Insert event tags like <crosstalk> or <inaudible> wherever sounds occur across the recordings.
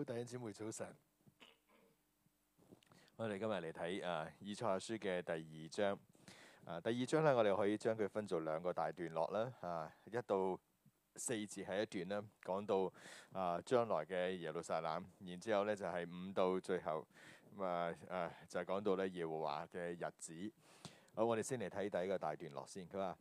好，弟兄姊妹，早晨。我哋今日嚟睇啊《以賽亞書》嘅第二章。啊，第二章咧，我哋可以將佢分做兩個大段落啦。啊，一到四節係一段啦，講、啊、到啊將來嘅耶路撒冷，然之後咧就係、是、五到最後咁啊啊，就係、是、講到咧耶和華嘅日子。好，我哋先嚟睇第一個大段落先。佢話。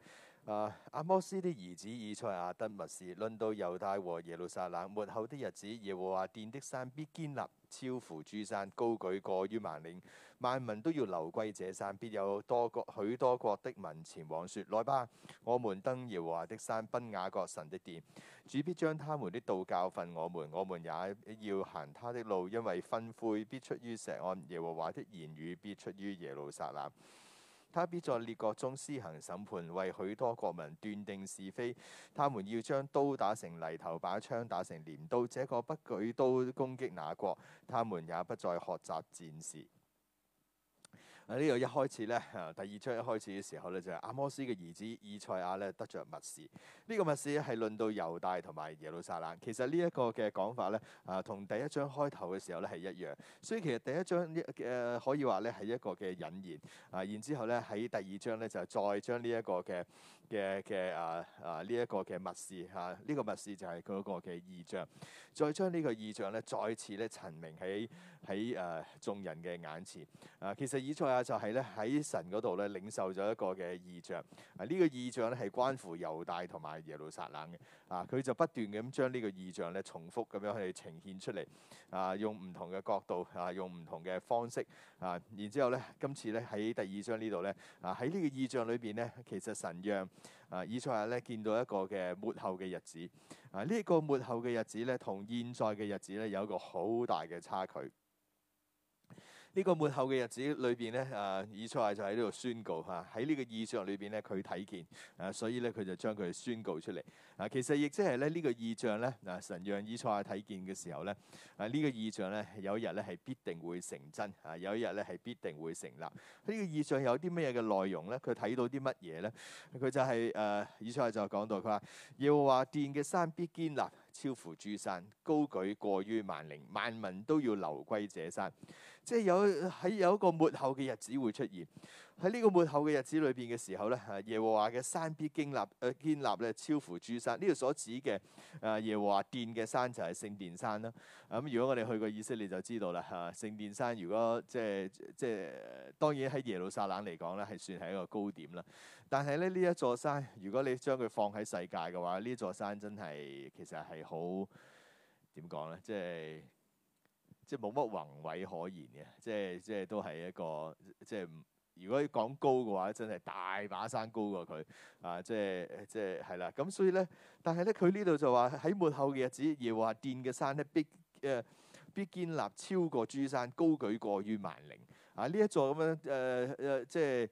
Uh, 阿摩斯的兒子以賽亞得默示，論到猶大和耶路撒冷。末後的日子，耶和華殿的山必堅立，超乎諸山，高舉過於萬嶺。萬民都要流歸這山，必有多國許多國的民前往說。説：來吧，我們登耶和華的山，奔雅各神的殿。主必將他們的道教訓我們，我們也要行他的路，因為訓誨必出於錫安，耶和華的言語必出於耶路撒冷。他必在列國中施行審判，為許多國民斷定是非。他們要將刀打成犁頭，把槍打成鐮刀。這個不舉刀攻擊那國，他們也不再學習戰事。啊！呢度一開始咧，啊第二章一開始嘅時候咧，就係、是、阿摩斯嘅兒子以賽亞咧得着默示。呢、這個默示係論到猶大同埋耶路撒冷。其實呢一個嘅講法咧，啊同第一章開頭嘅時候咧係一樣。所以其實第一章嘅可以話咧係一個嘅引言。啊，然之後咧喺第二章咧就是、再將呢一個嘅。嘅嘅啊啊呢一個嘅默示嚇，呢、啊這個默示就係佢嗰個嘅異象，再將呢個異象咧再次咧陳明喺喺誒眾人嘅眼前啊！其實以賽亞、啊、就係咧喺神嗰度咧領受咗一個嘅異象啊！這個、呢個異象咧係關乎猶大同埋耶路撒冷嘅啊！佢就不斷咁將呢個異象咧重複咁樣去呈現出嚟啊！用唔同嘅角度啊，用唔同嘅方式啊，然之後咧今次咧喺第二章呢度咧啊喺呢個異象裏邊咧，其實神讓啊！以賽亞咧見到一個嘅末後嘅日子啊，呢、這個末後嘅日子咧，同現在嘅日子咧有一個好大嘅差距。呢、這個末後嘅日子裏邊咧，啊，以賽亞就喺呢度宣告吓，喺、啊、呢個異象裏邊咧，佢睇見啊，所以咧佢就將佢宣告出嚟。嗱，其實亦即係咧，呢個異象咧，嗱，神讓以賽亞睇見嘅時候咧，啊，呢個異象咧，有一日咧係必定會成真，啊，有一日咧係必定會成立。呢、這個異象有啲乜嘢嘅內容咧？佢睇到啲乜嘢咧？佢就係、是、誒、呃，以賽亞就講到，佢話耶和華殿嘅山必堅立，超乎諸山，高舉過於萬嶺，萬民都要流歸這山。即係有喺有一個末後嘅日子會出現。喺呢個末後嘅日子裏邊嘅時候咧，耶和華嘅山必堅立、呃、建立，誒建立咧超乎諸山。呢度所指嘅誒、啊、耶和華殿嘅山就係聖殿山啦。咁、嗯、如果我哋去過以色列就知道啦，嚇、啊、聖殿山如果即係即係當然喺耶路撒冷嚟講咧，係算係一個高點啦。但係咧呢一座山，如果你將佢放喺世界嘅話，呢座山真係其實係好點講咧？即係即係冇乜宏偉可言嘅，即係即係都係一個即係如果講高嘅話，真係大把山高過佢啊！即係即係係啦，咁、就是、所以咧，但係咧，佢呢度就話喺末後嘅日子，耶和華殿嘅山咧必誒、呃、必建立超過諸山，高舉過於萬嶺啊！呢一座咁樣誒誒，即、呃、係。呃就是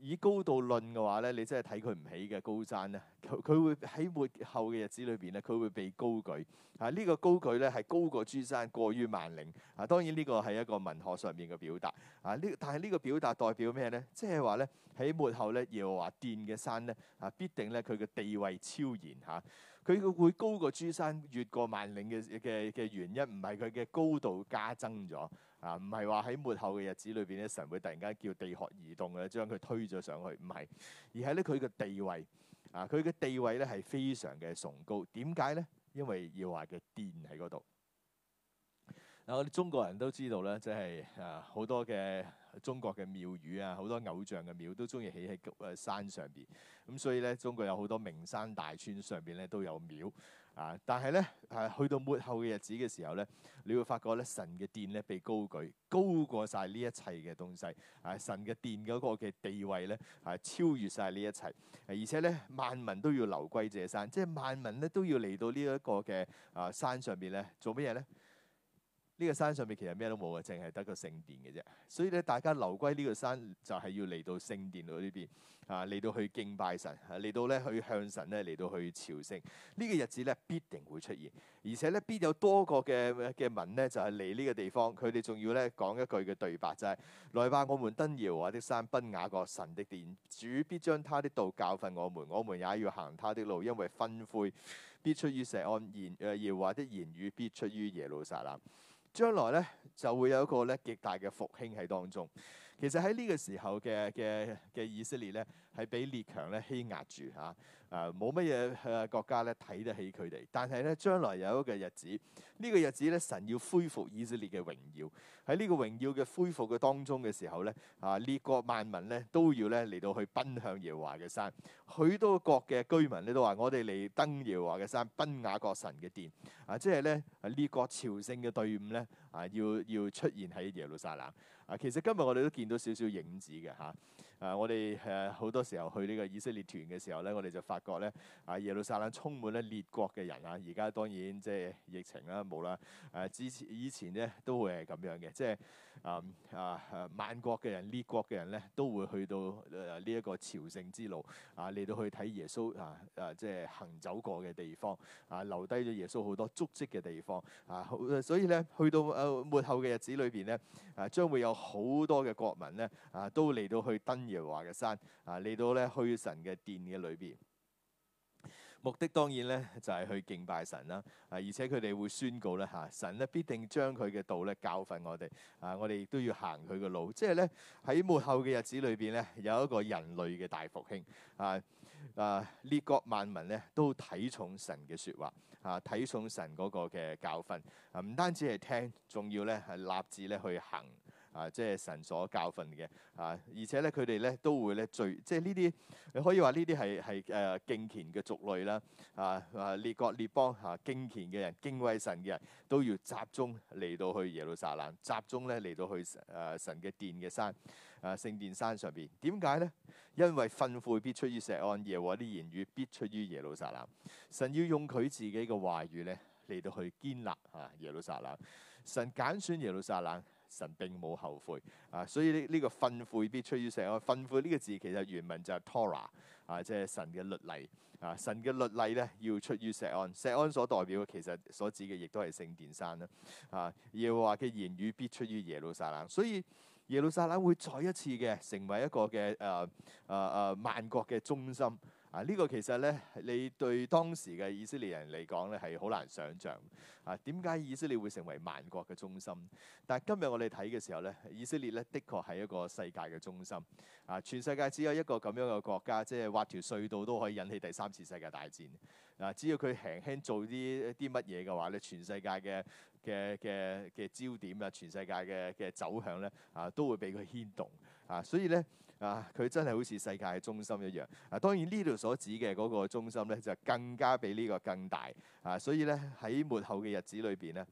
以高度論嘅話咧，你真係睇佢唔起嘅高山咧。佢佢會喺末後嘅日子裏邊咧，佢會被高舉。啊，呢、這個高舉咧係高過諸山，過於萬嶺。啊，當然呢個係一個文學上面嘅表達。啊，呢但係呢個表達代表咩咧？即係話咧喺末後咧，耶和華殿嘅山咧，啊必定咧佢嘅地位超然嚇。啊佢會高過諸山、越過萬嶺嘅嘅嘅原因，唔係佢嘅高度加增咗啊，唔係話喺末後嘅日子裏邊咧，神會突然間叫地殼移動嘅將佢推咗上去，唔係，而係咧佢嘅地位啊，佢嘅地位咧係非常嘅崇高。點解咧？因為耶和華嘅殿喺嗰度。嗱，我哋中國人都知道咧，即係，啊，好多嘅。中國嘅廟宇啊，好多偶像嘅廟都中意起喺誒山上邊，咁所以咧，中國有好多名山大川上邊咧都有廟啊。但係咧，誒、啊、去到末後嘅日子嘅時候咧，你會發覺咧，神嘅殿咧被高舉，高過晒呢一切嘅東西啊！神嘅殿嗰個嘅地位咧啊，超越晒呢一切，啊、而且咧萬民都要流歸這山，即係萬民咧都要嚟到呢、這、一個嘅啊山上邊咧做乜嘢咧？呢個山上面其實咩都冇嘅，淨係得個聖殿嘅啫。所以咧，大家流歸呢個山就係要嚟到聖殿度呢邊啊，嚟到去敬拜神啊，嚟到咧去向神咧嚟到去朝聖，呢個日子咧必定會出現，而且咧必有多個嘅嘅民咧就係嚟呢個地方，佢哋仲要咧講一句嘅對白就係：來吧，我們登耶和華的山，奔雅各神的殿，主必將他的道教訓我們，我們也要行他的路，因為訓誨必出於錫安，言誒耶和華的言語必出於耶路撒冷。將來咧就會有一個咧極大嘅復興喺當中。其實喺呢個時候嘅嘅嘅以色列咧，係俾列強咧欺壓住吓。啊啊，冇乜嘢國家咧睇得起佢哋，但係咧將來有一個日子，呢個日子咧神要恢復以色列嘅榮耀。喺呢個榮耀嘅恢復嘅當中嘅時候咧，啊列國萬民咧都要咧嚟到去奔向耶和華嘅山。許多國嘅居民咧都話：我哋嚟登耶和華嘅山，奔雅各神嘅殿。啊，即係咧列國朝聖嘅隊伍咧啊要要出現喺耶路撒冷。啊，其實今日我哋都見到少少影子嘅嚇。啊！我哋誒好多時候去呢個以色列團嘅時候咧，我哋就發覺咧，啊耶路撒冷充滿咧列國嘅人啊！而家當然即係疫情啦、啊，冇啦、啊。誒、啊、之前以前咧都會係咁樣嘅，即係。啊啊啊！萬、um, uh, 國嘅人、列國嘅人咧，都會去到誒呢一個朝聖之路啊，嚟到去睇耶穌啊啊，即係行走過嘅地方啊，留低咗耶穌好多足跡嘅地方啊，所以咧去到誒、啊、末後嘅日子裏邊咧，啊將會有好多嘅國民咧啊，都嚟到去,去登耶和華嘅山啊，嚟到咧去神嘅殿嘅裏邊。目的當然咧就係、是、去敬拜神啦，啊而且佢哋會宣告咧嚇、啊，神咧必定將佢嘅道咧教訓我哋，啊我哋亦都要行佢嘅路，即係咧喺末後嘅日子裏邊咧有一個人類嘅大復興，啊啊列國萬民咧都睇重神嘅説話，啊睇重神嗰個嘅教訓，唔、啊、單止係聽，仲要咧係立志咧去行。啊！即係神所教訓嘅啊，而且咧，佢哋咧都會咧最即係呢啲，你可以話呢啲係係誒敬虔嘅族類啦啊！列國列邦啊，敬虔嘅人敬畏神嘅人，人都要集中嚟到去耶路撒冷，集中咧嚟到去誒神嘅、啊、殿嘅山啊聖殿山上邊，點解咧？因為訓誨必出於錫安，耶和華啲言語必出於耶路撒冷。神要用佢自己嘅話語咧嚟到去堅立啊耶路撒冷。神揀選耶路撒冷。神並冇後悔啊，所以呢呢個訓誨必出於錫安。訓誨呢個字其實原文就係 Torah 啊，即係神嘅律例啊。神嘅律例咧要出於錫安，錫安所代表嘅其實所指嘅亦都係聖殿山啦啊。耶和華嘅言語必出於耶路撒冷，所以耶路撒冷會再一次嘅成為一個嘅誒誒誒萬國嘅中心。啊！呢個其實咧，你對當時嘅以色列人嚟講咧，係好難想像。啊，點解以色列會成為萬國嘅中心？但係今日我哋睇嘅時候咧，以色列咧的確係一個世界嘅中心。啊，全世界只有一個咁樣嘅國家，即係挖條隧道都可以引起第三次世界大戰。嗱、啊，只要佢輕輕做啲啲乜嘢嘅話咧，全世界嘅嘅嘅嘅焦點啊，全世界嘅嘅走向咧，啊，都會俾佢牽動。啊，所以咧。啊！佢真係好似世界嘅中心一樣。啊，當然呢度所指嘅嗰個中心咧，就更加比呢個更大。啊，所以咧，喺末後嘅日子裏邊咧。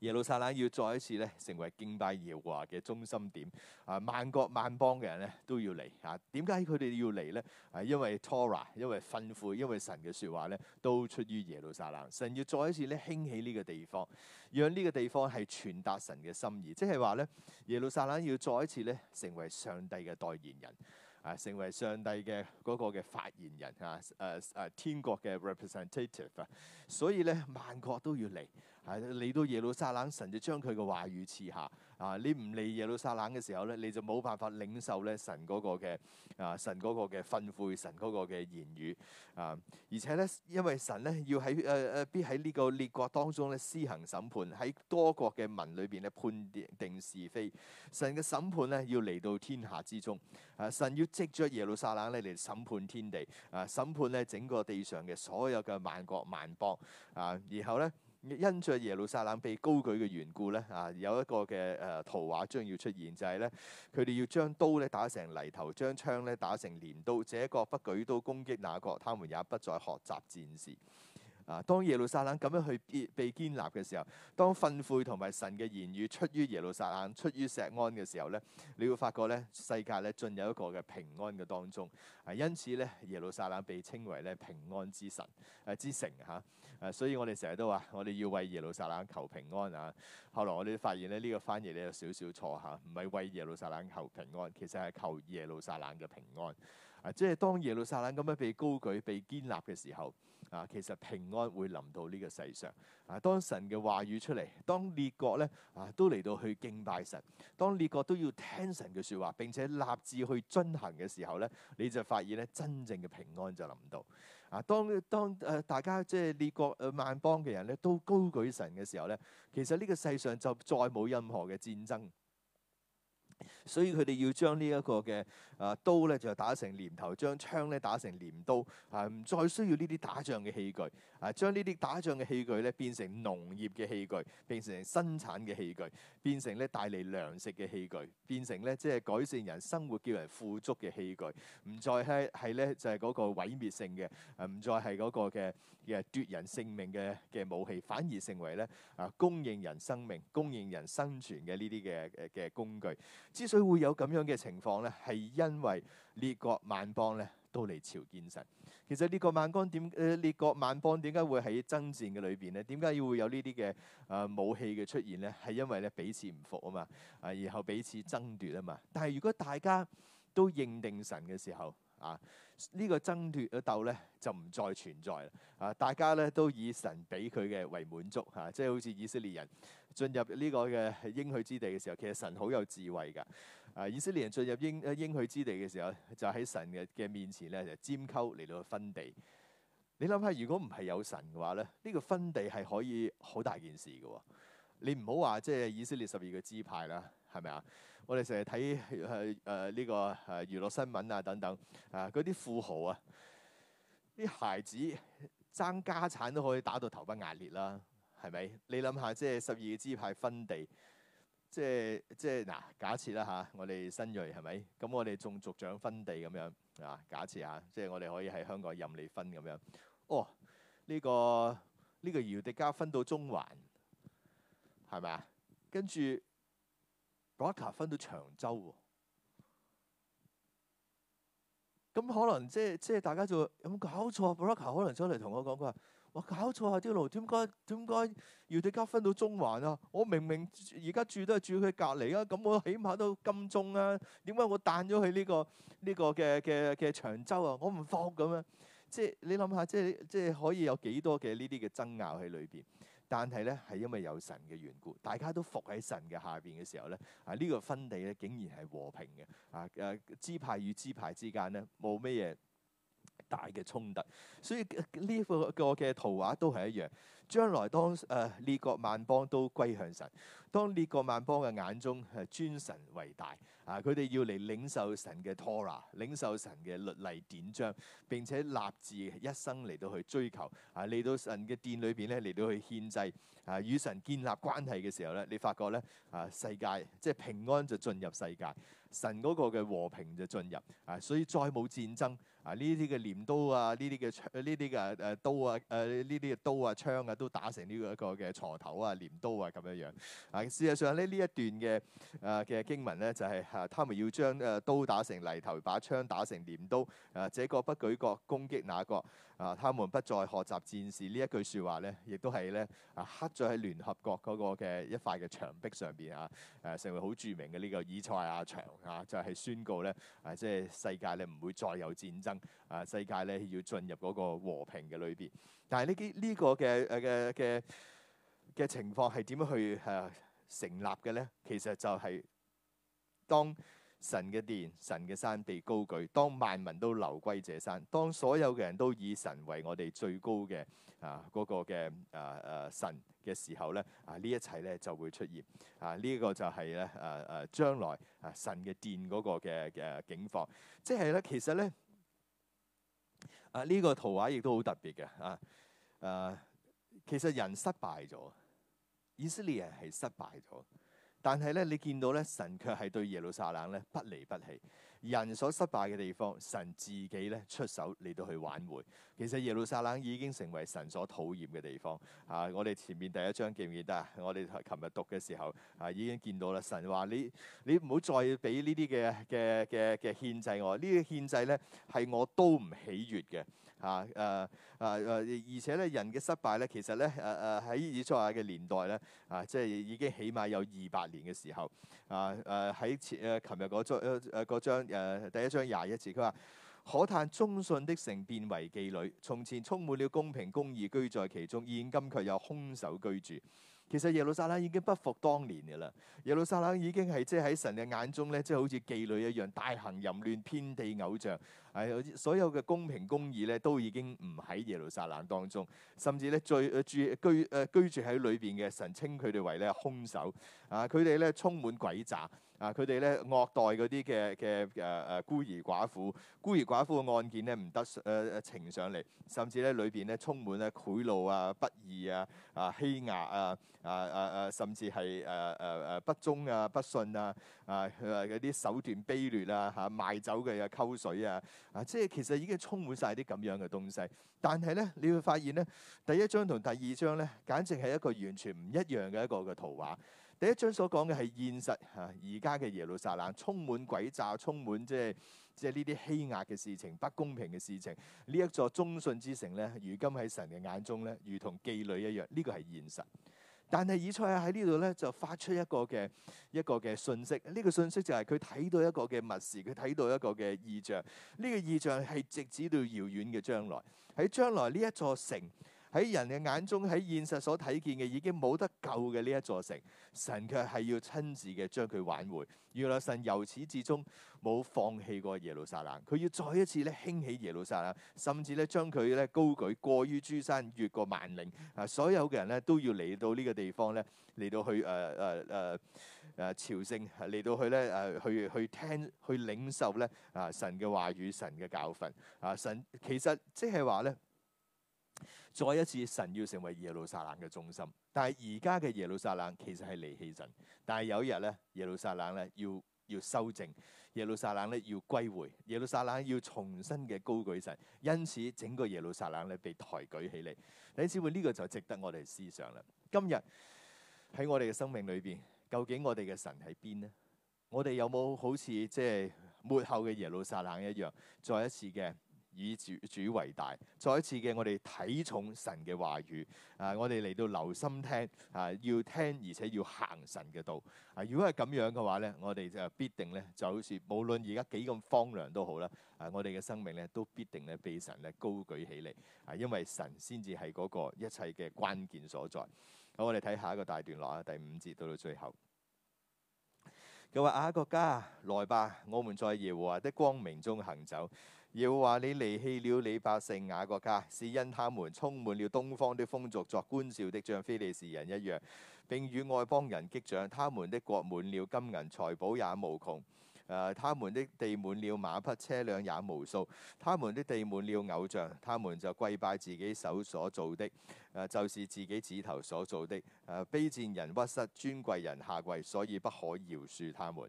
耶路撒冷要再一次咧成為敬拜耶和華嘅中心點，啊，萬國萬邦嘅人咧都要嚟啊！點解佢哋要嚟咧？啊，因為 Torah、ah，因為吩咐，因為神嘅説話咧都出於耶路撒冷。神要再一次咧興起呢個地方，讓呢個地方係傳達神嘅心意，即係話咧耶路撒冷要再一次咧成為上帝嘅代言人。啊，成為上帝嘅嗰個嘅發言人啊，誒、啊、誒，天國嘅 representative 啊，所以咧萬國都要嚟，啊，嚟到耶路撒冷，神就將佢嘅話語賜下。啊！你唔理耶路撒冷嘅時候咧，你就冇辦法領受咧神嗰個嘅啊，神嗰個嘅訓誨，神嗰個嘅言語啊！而且咧，因為神咧要喺誒誒必喺呢個列國當中咧施行審判，喺多國嘅民裏邊咧判定是非。神嘅審判咧要嚟到天下之中，啊！神要藉著耶路撒冷咧嚟審判天地，啊！審判咧整個地上嘅所有嘅萬國萬邦，啊！然後咧。因着耶路撒冷被高舉嘅緣故咧，啊，有一個嘅誒、呃、圖畫將要出現，就係咧佢哋要將刀咧打成犁頭，將槍咧打成鐮刀，這個不舉刀攻擊那個，他們也不再學習戰事。啊！當耶路撒冷咁樣去被被建立嘅時候，當訓誨同埋神嘅言語出於耶路撒冷、出於錫安嘅時候咧，你會發覺咧，世界咧進入一個嘅平安嘅當中。啊，因此咧，耶路撒冷被稱為咧平安之神、誒、啊、之城嚇。誒、啊，所以我哋成日都話，我哋要為耶路撒冷求平安啊。後來我哋發現咧，呢、這個翻譯你有少少錯嚇，唔、啊、係為耶路撒冷求平安，其實係求耶路撒冷嘅平安。啊！即係當耶路撒冷咁樣被高舉、被堅立嘅時候，啊，其實平安會臨到呢個世上。啊，當神嘅話語出嚟，當列國咧啊都嚟到去敬拜神，當列國都要聽神嘅説話並且立志去遵行嘅時候咧，你就發現咧真正嘅平安就臨到。啊，當當誒、呃、大家即係列國誒萬、呃、邦嘅人咧都高舉神嘅時候咧，其實呢個世上就再冇任何嘅戰爭。所以佢哋要將呢一個嘅啊刀咧就打成犁頭，將槍咧打成鐮刀，啊唔再需要呢啲打仗嘅器具，啊將呢啲打仗嘅器具咧變成農業嘅器具，變成生產嘅器具，變成咧帶嚟糧食嘅器具，變成咧即係改善人生活叫人富足嘅器具，唔再係係咧就係、是、嗰個毀滅性嘅，唔、啊、再係嗰個嘅，嘅奪人性命嘅嘅武器，反而成為咧啊，供應人生命、供應人生存嘅呢啲嘅嘅工具。之所以會有咁樣嘅情況咧，係因為列國萬邦咧都嚟朝見神。其實列國萬邦點？誒、呃、列國萬邦點解會喺爭戰嘅裏邊咧？點解要會有呢啲嘅啊武器嘅出現咧？係因為咧彼此唔服啊嘛，啊然後彼此爭奪啊嘛。但係如果大家都認定神嘅時候，啊！呢、這個爭奪嘅鬥咧就唔再存在啦。啊，大家咧都以神俾佢嘅為滿足嚇、啊，即係好似以色列人進入呢個嘅應許之地嘅時候，其實神好有智慧噶。啊，以色列人進入應應許之地嘅時候，就喺神嘅嘅面前咧就拈鬮嚟到去分地。你諗下，如果唔係有神嘅話咧，呢、這個分地係可以好大件事嘅、哦。你唔好話即係以色列十二個支派啦，係咪啊？我哋成日睇誒誒呢個誒娛樂新聞啊等等啊，嗰、啊、啲富豪啊，啲孩子爭家產都可以打到頭崩額裂啦，係咪？你諗下，即係十二支派分地，即係即係嗱、啊，假設啦吓，我哋新鋭係咪？咁我哋仲族長分地咁樣設啊？假設嚇，即係我哋可以喺香港任你分咁樣。哦，呢、這個呢、這個姚迪加分到中環，係咪啊？跟住。布拉卡分到長洲喎，咁可能即係即係大家就有冇、嗯、搞，搞錯啊？布拉卡可能出嚟同我講，佢話：我搞錯啊！啲路點解點解猶大家分到中環啊？我明明而家住都係住佢隔離啊，咁我起碼都金鐘啊，點解我彈咗去呢、呢個呢、呢個嘅嘅嘅長洲啊？我唔放咁樣，即係你諗下，即係即係可以有幾多嘅呢啲嘅爭拗喺裏邊？但係咧，係因為有神嘅緣故，大家都伏喺神嘅下邊嘅時候咧，啊呢個分地咧竟然係和平嘅，啊誒支派與支派之間咧冇咩嘢，大嘅衝突，所以呢個個嘅圖畫都係一樣。將來當誒列國萬邦都歸向神，當列國萬邦嘅眼中係尊神為大啊！佢哋要嚟領受神嘅 Tora，領受神嘅律例典章，並且立志一生嚟到去追求啊，嚟到神嘅殿裏邊咧嚟到去獻祭啊，與神建立關係嘅時候咧，你發覺咧啊，世界即係平安就進入世界，神嗰個嘅和平就進入啊，所以再冇戰爭。啊！呢啲嘅鐮刀啊，呢啲嘅槍，呢啲嘅誒刀啊，誒呢啲嘅刀啊槍啊，都打成呢個一個嘅鋤頭啊、鐮刀啊咁樣樣。啊，事實上咧，呢一段嘅誒嘅經文咧，就係、是、嚇、啊，他們要將誒刀打成泥頭，把槍打成鐮刀。誒、啊，這個不舉國攻擊那個。啊！他們不再學習戰事呢一句説話咧，亦都係咧啊刻咗喺聯合國嗰個嘅一塊嘅牆壁上邊啊！誒成為好著名嘅呢個以賽亞牆啊，就係、是、宣告咧啊，即、就、係、是、世界咧唔會再有戰爭啊，世界咧要進入嗰個和平嘅裏邊。但係呢啲呢個嘅誒嘅嘅嘅情況係點樣去誒、啊、成立嘅咧？其實就係當。神嘅殿、神嘅山地，高舉，當萬民都流歸這山，當所有嘅人都以神為我哋最高嘅啊、嗰個嘅啊啊神嘅時候咧啊呢一切咧就會出現啊呢、呢個就係、是、咧啊啊將來啊神嘅殿嗰個嘅嘅、啊、景況，即係咧其實咧啊呢、呢個圖畫亦都好特別嘅啊啊其實人失敗咗，以色列人係失敗咗。但係咧，你見到咧，神卻係對耶路撒冷咧不離不棄。人所失敗嘅地方，神自己咧出手嚟到去挽回。其實耶路撒冷已經成為神所討厭嘅地方。啊，我哋前面第一章記唔記得啊？我哋琴日讀嘅時候啊，已經見到啦。神話，你你唔好再俾呢啲嘅嘅嘅嘅獻祭我。獻祭呢啲獻祭咧係我都唔喜悅嘅。啊！誒誒誒，而且咧，人嘅失敗咧，其實咧，誒誒喺以賽亞嘅年代咧，啊，即係已經起碼有二百年嘅時候，啊誒喺、啊、前琴日嗰章誒第一章廿一次，佢話：可嘆忠信的城變為妓女，從前充滿了公平公義居在其中，現今卻有兇手居住。其實耶路撒冷已經不復當年嘅啦，耶路撒冷已經係即係喺神嘅眼中咧，即係好似妓女一樣，大行淫亂，遍地偶像，係所有嘅公平公義咧，都已經唔喺耶路撒冷當中，甚至咧最住居誒居，居，居住喺裏邊嘅神稱佢哋為咧兇手，啊佢哋咧充滿詭詐。啊！佢哋咧虐待嗰啲嘅嘅誒誒孤兒寡婦，孤兒寡婦嘅案件咧唔得誒誒呈上嚟，甚至咧裏邊咧充滿咧賄賂啊、不義啊、啊欺壓啊啊啊啊，甚至係誒誒誒不忠啊、不信啊啊誒嗰啲手段卑劣啊嚇，賣酒嘅啊溝水啊啊，即係其實已經充滿晒啲咁樣嘅東西。但係咧，你會發現咧，第一章同第二章咧，簡直係一個完全唔一樣嘅一個嘅圖畫。第一章所講嘅係現實嚇，而家嘅耶路撒冷充滿詭詐，充滿即係即係呢啲欺壓嘅事情、不公平嘅事情。呢一座忠信之城咧，如今喺神嘅眼中咧，如同妓女一樣。呢個係現實。但係以賽亞喺呢度咧，就發出一個嘅一個嘅信息。呢個信息就係佢睇到一個嘅默示，佢睇到一個嘅異象。呢個異象係直指到遙遠嘅將來。喺將來呢一座城。喺人嘅眼中，喺現實所睇見嘅已經冇得救嘅呢一座城，神卻係要親自嘅將佢挽回。原來神由始至終冇放棄過耶路撒冷，佢要再一次咧興起耶路撒冷，甚至咧將佢咧高舉過於諸山，越過萬嶺啊！所有嘅人咧都要嚟到呢個地方咧，嚟到去誒誒誒誒朝聖，嚟到去咧誒去去聽去領受咧啊神嘅話與神嘅教訓啊！神其實即係話咧。再一次，神要成為耶路撒冷嘅中心，但係而家嘅耶路撒冷其實係離棄神，但係有一日咧，耶路撒冷咧要要修正，耶路撒冷咧要歸回，耶路撒冷要重新嘅高舉神，因此整個耶路撒冷咧被抬舉起嚟。你知唔知呢個就值得我哋思想啦。今日喺我哋嘅生命裏邊，究竟我哋嘅神喺邊呢？我哋有冇好似即係末後嘅耶路撒冷一樣，再一次嘅？以主主為大，再一次嘅我哋睇重神嘅話語啊！我哋嚟到留心聽啊，要聽而且要行神嘅道啊！如果係咁樣嘅話咧，我哋就必定咧就好似無論而家幾咁荒涼都好啦啊！我哋嘅生命咧都必定咧被神咧高舉起嚟啊！因為神先至係嗰個一切嘅關鍵所在。好，我哋睇下一個大段落啊，第五節到到最後。佢話啊，雅各家來吧，我們在耶和華的光明中行走。要話你離棄了你百姓雅各家，是因他們充滿了東方的風俗，作觀兆的像非利士人一樣，並與外邦人擊掌。他們的國滿了金銀財寶也無窮，呃、他們的地滿了馬匹車輛也無數，他們的地滿了偶像，他們就跪拜自己手所造的、呃，就是自己指頭所造的。卑、呃、賤人屈膝，尊貴人下跪，所以不可饒恕。他們。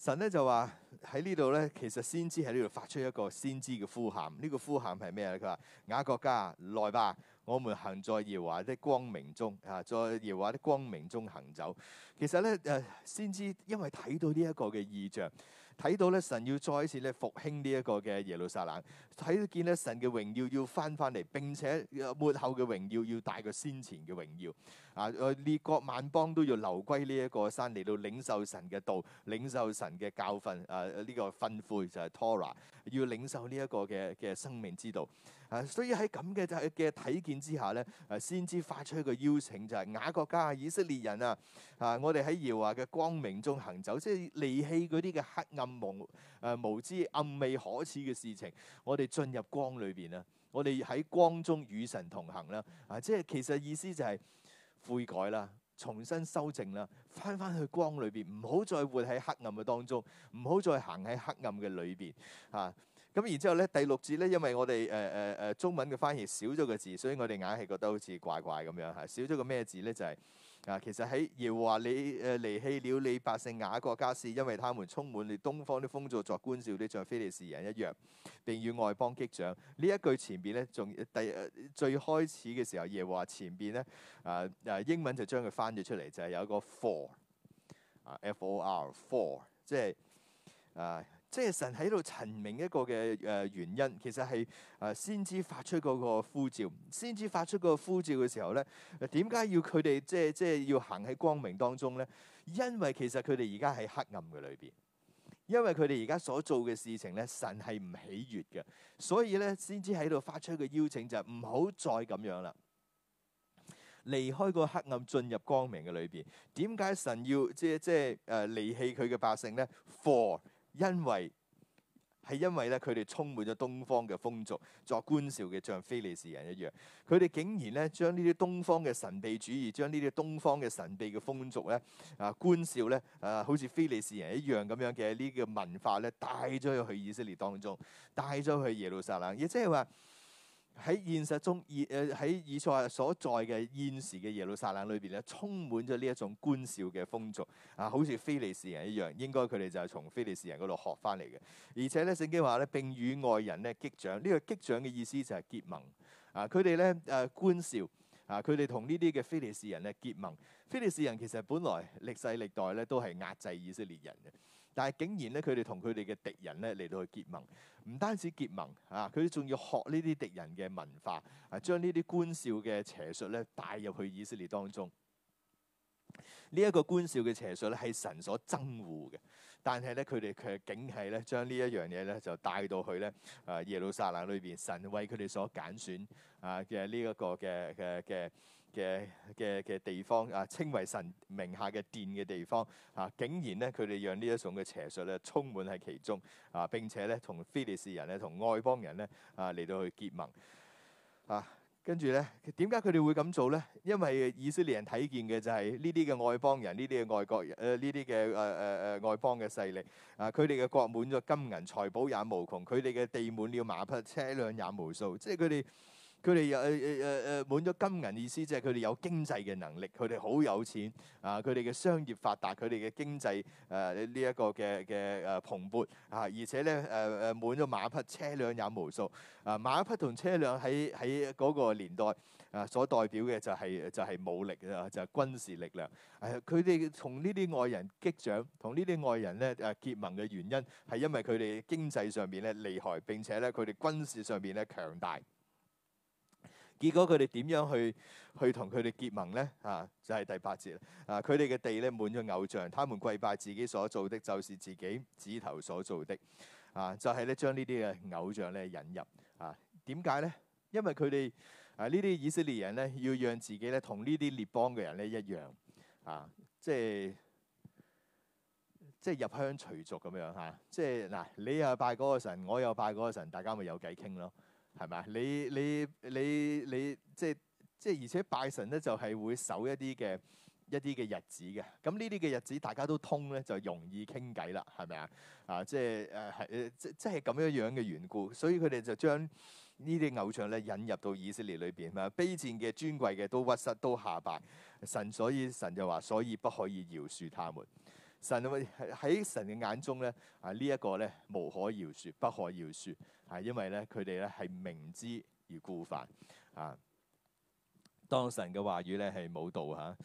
神咧就話喺呢度咧，其實先知喺呢度發出一個先知嘅呼喊。呢、這個呼喊係咩咧？佢話雅各家來吧，我們行在耶華的光明中啊，在耶華的光明中行走。其實咧誒、啊，先知因為睇到呢一個嘅異象。睇到咧，神要再一次咧復興呢一個嘅耶路撒冷，睇到見咧神嘅榮耀要翻翻嚟，並且末後嘅榮耀要帶佢先前嘅榮耀，啊，列國萬邦都要留歸呢一個山，嚟到領受神嘅道，領受神嘅教訓，啊，呢、這個憤悔就係 Tora，、ah, 要領受呢一個嘅嘅生命之道。啊，所以喺咁嘅嘅睇見之下咧，啊先知發出一個邀請，就係雅各家、以色列人啊，啊，我哋喺耀華嘅光明中行走，即係離棄嗰啲嘅黑暗無、朦誒無知、暗昧可恥嘅事情，我哋進入光裏邊啦，我哋喺光中與神同行啦，啊，即係其實意思就係悔改啦，重新修正啦，翻翻去光裏邊，唔好再活喺黑暗嘅當中，唔好再行喺黑暗嘅裏邊，啊。咁然之後咧，第六節咧，因為我哋誒誒誒中文嘅翻譯少咗個字，所以我哋眼係覺得好似怪怪咁樣嚇。少咗個咩字咧？就係、是、啊，其實喺耶和華你誒離棄了你百姓雅各家室，因為他們充滿你東方的風俗作官照的像菲利士人一樣，並與外邦擊掌。呢一句前邊咧，仲第最開始嘅時候，耶和華前邊咧啊，啊英文就將佢翻咗出嚟，就係、是、有一個 for 啊，f o r for，即係啊。即係神喺度陳明一個嘅，誒原因，其實係誒先知發出嗰個呼召，先知發出個呼召嘅時候咧，點解要佢哋即係即係要行喺光明當中咧？因為其實佢哋而家喺黑暗嘅裏邊，因為佢哋而家所做嘅事情咧，神係唔喜悅嘅，所以咧先知喺度發出嘅邀請就，就係唔好再咁樣啦，離開個黑暗，進入光明嘅裏邊。點解神要即係即係誒離棄佢嘅百姓咧？For 因為係因為咧，佢哋充滿咗東方嘅風俗，作觀兆嘅像非利士人一樣，佢哋竟然咧將呢啲東方嘅神秘主義，將呢啲東方嘅神秘嘅風俗咧啊觀兆咧啊，好似非利士人一樣咁樣嘅呢個文化咧，帶咗去以色列當中，帶咗去耶路撒冷，亦即係話。喺現實中，現誒喺以賽、呃、所在嘅現時嘅耶路撒冷裏邊咧，充滿咗呢一種觀兆嘅風俗啊，好似非利士人一樣，應該佢哋就係從非利士人嗰度學翻嚟嘅。而且咧，聖經話咧並與外人咧擊掌，呢、呢個擊掌嘅意思就係結盟啊。佢哋咧誒觀兆啊，佢哋同呢啲嘅非利士人咧結盟。非利士人其實本來歷世歷代咧都係壓制以色列人嘅。但係竟然咧，佢哋同佢哋嘅敵人咧嚟到去結盟，唔單止結盟啊，佢哋仲要學呢啲敵人嘅文化，啊將呢啲觀兆嘅邪術咧帶入去以色列當中。呢、這、一個觀兆嘅邪術咧係神所憎惡嘅，但係咧佢哋卻竟係咧將呢一樣嘢咧就帶到去咧啊耶路撒冷裏邊，神為佢哋所揀選啊嘅呢一個嘅嘅嘅嘅嘅嘅地方啊，稱為神名下嘅殿嘅地方啊，竟然咧佢哋讓呢一種嘅邪術咧充滿喺其中啊，並且咧同非利士人咧同外邦人咧啊嚟到去結盟啊，跟住咧點解佢哋會咁做咧？因為以色列人睇見嘅就係呢啲嘅外邦人、呢啲嘅外國人、誒呢啲嘅誒誒誒外邦嘅勢力啊，佢哋嘅國滿咗金銀財寶也無窮，佢哋嘅地滿了馬匹車輛也無數，即係佢哋。佢哋又誒誒誒誒滿咗金銀，意思即係佢哋有經濟嘅能力，佢哋好有錢啊！佢哋嘅商業發達，佢哋嘅經濟誒呢、啊、一個嘅嘅誒蓬勃啊，而且咧誒誒滿咗馬匹、車輛也無數啊。馬匹同車輛喺喺嗰個年代啊，所代表嘅就係、是、就係、是、武力啊，就係、是、軍事力量。誒佢哋同呢啲外人擊掌，同呢啲外人咧誒、啊、結盟嘅原因係因為佢哋經濟上邊咧厲害，並且咧佢哋軍事上邊咧強大。結果佢哋點樣去去同佢哋結盟咧？啊，就係第八節啦。啊，佢哋嘅地咧滿咗偶像，他們跪拜自己所造的，就是自己指頭所做的。啊，就係咧將呢啲嘅偶像咧引入。啊，點解咧？因為佢哋啊呢啲以色列人咧要讓自己咧同呢啲列邦嘅人咧一樣。啊，即係即係入鄉隨俗咁樣吓。即係嗱，你又拜嗰個神，我又拜嗰個神，大家咪有偈傾咯。係咪啊？你你你你即係即係，而且拜神咧就係會守一啲嘅一啲嘅日子嘅。咁呢啲嘅日子大家都通咧，就容易傾偈啦，係咪啊？啊，即係誒係誒，即係咁樣樣嘅緣故，所以佢哋就將呢啲偶像咧引入到以色列裏邊啦。卑賤嘅尊貴嘅都屈膝都下拜神，所以神就話：所以不可以饒恕他們。神喺神嘅眼中咧，啊、這個、呢一個咧無可饒恕，不可饒恕，係、啊、因為咧佢哋咧係明知而故犯，啊，當神嘅話語咧係冇道嚇，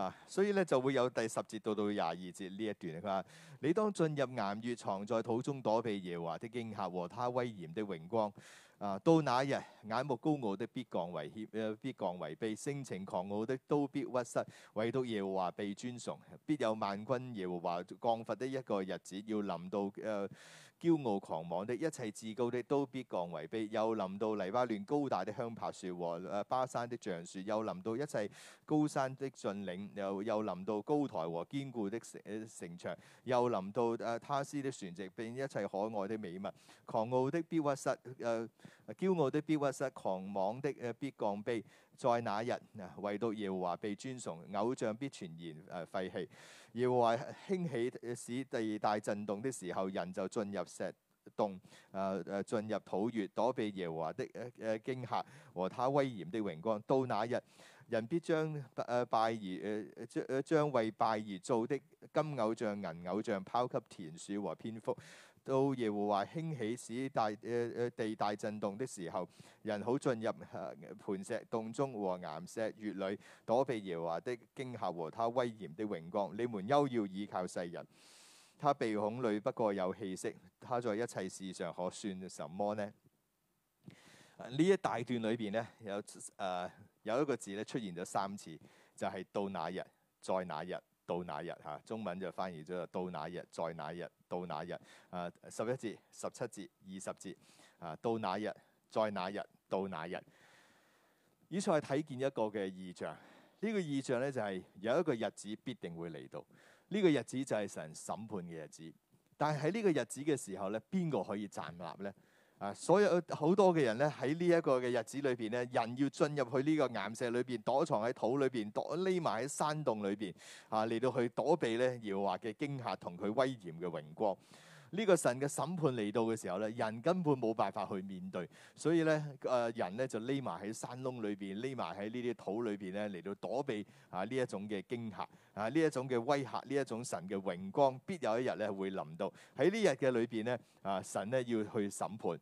啊，所以咧就會有第十節到到廿二節呢一段，佢話你當進入岩穴，藏在土中躲避耶和華的驚嚇和他威嚴的榮光。啊！到那日，眼目高傲的必降為卑，必降為卑；呃、為性情狂傲的都必屈膝，唯獨耶和華被尊崇。必有萬軍耶和華降罰的一個日子，要臨到誒。呃驕傲狂妄的，一切自高的都必降為卑；又臨到黎巴嫩高大的香柏樹和誒巴珊的橡樹，又臨到一切高山的峻嶺，又又臨到高台和堅固的城城牆，又臨到誒他斯的船隻，並一切可愛的美物，狂傲的必屈膝。誒、呃。驕傲的必屈膝，狂妄的誒必降卑。在那日，唯獨耶和華被尊崇，偶像必全然誒廢棄。耶和華興起使地大震動的時候，人就進入石洞，誒、啊、誒進入土穴，躲避耶和華的誒誒驚嚇和他威嚴的榮光。到那日，人必將誒、呃、拜而誒誒將誒、呃、為拜而做的金偶像、銀偶像拋給田鼠和蝙蝠。到耶和華興起使大誒誒、呃、地大震動的時候，人好進入磐、呃、石洞中和岩石穴裏，月裡躲避耶和華的驚嚇和他威嚴的榮光。你們休要倚靠世人，他鼻孔裏不過有氣息，他在一切事上可算什麼呢？呢、呃、一大段裏邊呢，有誒、呃、有一個字咧出現咗三次，就係、是、到那日，在那日。到那日嚇、啊，中文就翻譯咗到那日，再那日，到那日啊，十一節、十七節、二十節啊，到那日，再那日，到那日，以賽亞睇見一個嘅異象，這個、呢個異象咧就係、是、有一個日子必定會嚟到，呢、這個日子就係神審判嘅日子，但係喺呢個日子嘅時候咧，邊個可以站立咧？啊！所有好多嘅人咧，喺呢一個嘅日子裏邊咧，人要進入去呢個岩石裏邊躲藏喺土裏邊，躲匿埋喺山洞裏邊，啊嚟到去躲避咧，耶和華嘅驚嚇同佢威嚴嘅榮光。呢、這個神嘅審判嚟到嘅時候咧，人根本冇辦法去面對，所以咧，啊人咧就匿埋喺山窿裏邊，匿埋喺呢啲土裏邊咧，嚟到躲避啊呢一種嘅驚嚇，啊呢一種嘅威嚇，呢一種神嘅榮光必有一日咧會臨到。喺呢日嘅裏邊咧，啊神咧要去審判。